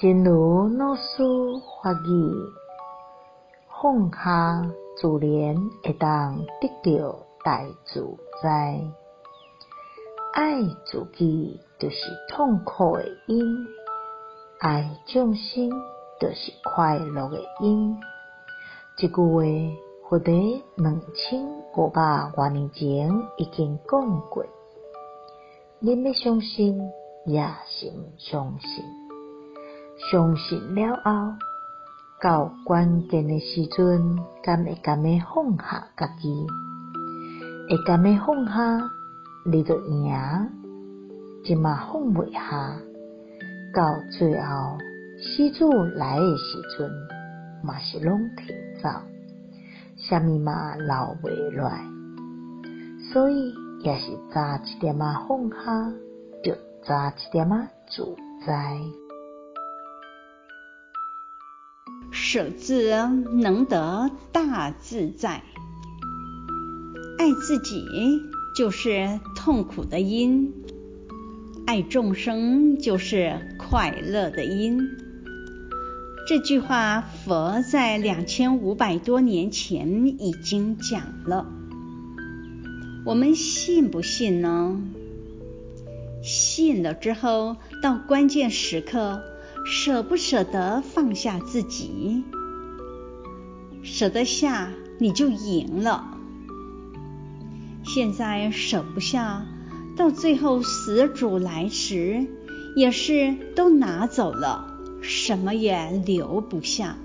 真如老師法語，放下自然會當得到大自在。愛自己就是痛苦的因，愛眾生就是快樂的因。一句話，佛在兩千五百多年前已經講過。恁要相信，也是毋相信？相信了後，到關鍵的時陣，才會敢要放下家己，會敢要放下，你就贏；今嘛放袂落，到最後，死主來的時候，嘛、就是攏提走，啥物嘛留不落。所以，也是早一點啊放下，就早一點啊自在。捨自能得大自在，愛自己就是痛苦的因，愛眾生就是快樂的因。這句話，佛在兩千五百多年前已經講了，我們信不信呢？信了之後，到關鍵時刻。捨不捨得放下自己？捨得下你就贏了！現在捨不下，到最後死主來時，也是都拿走了，什麼也留不下。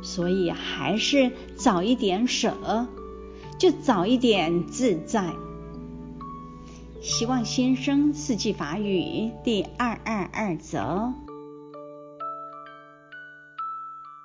所以還是早一點捨，就早一點自在！希望新生四季法語第二二二則。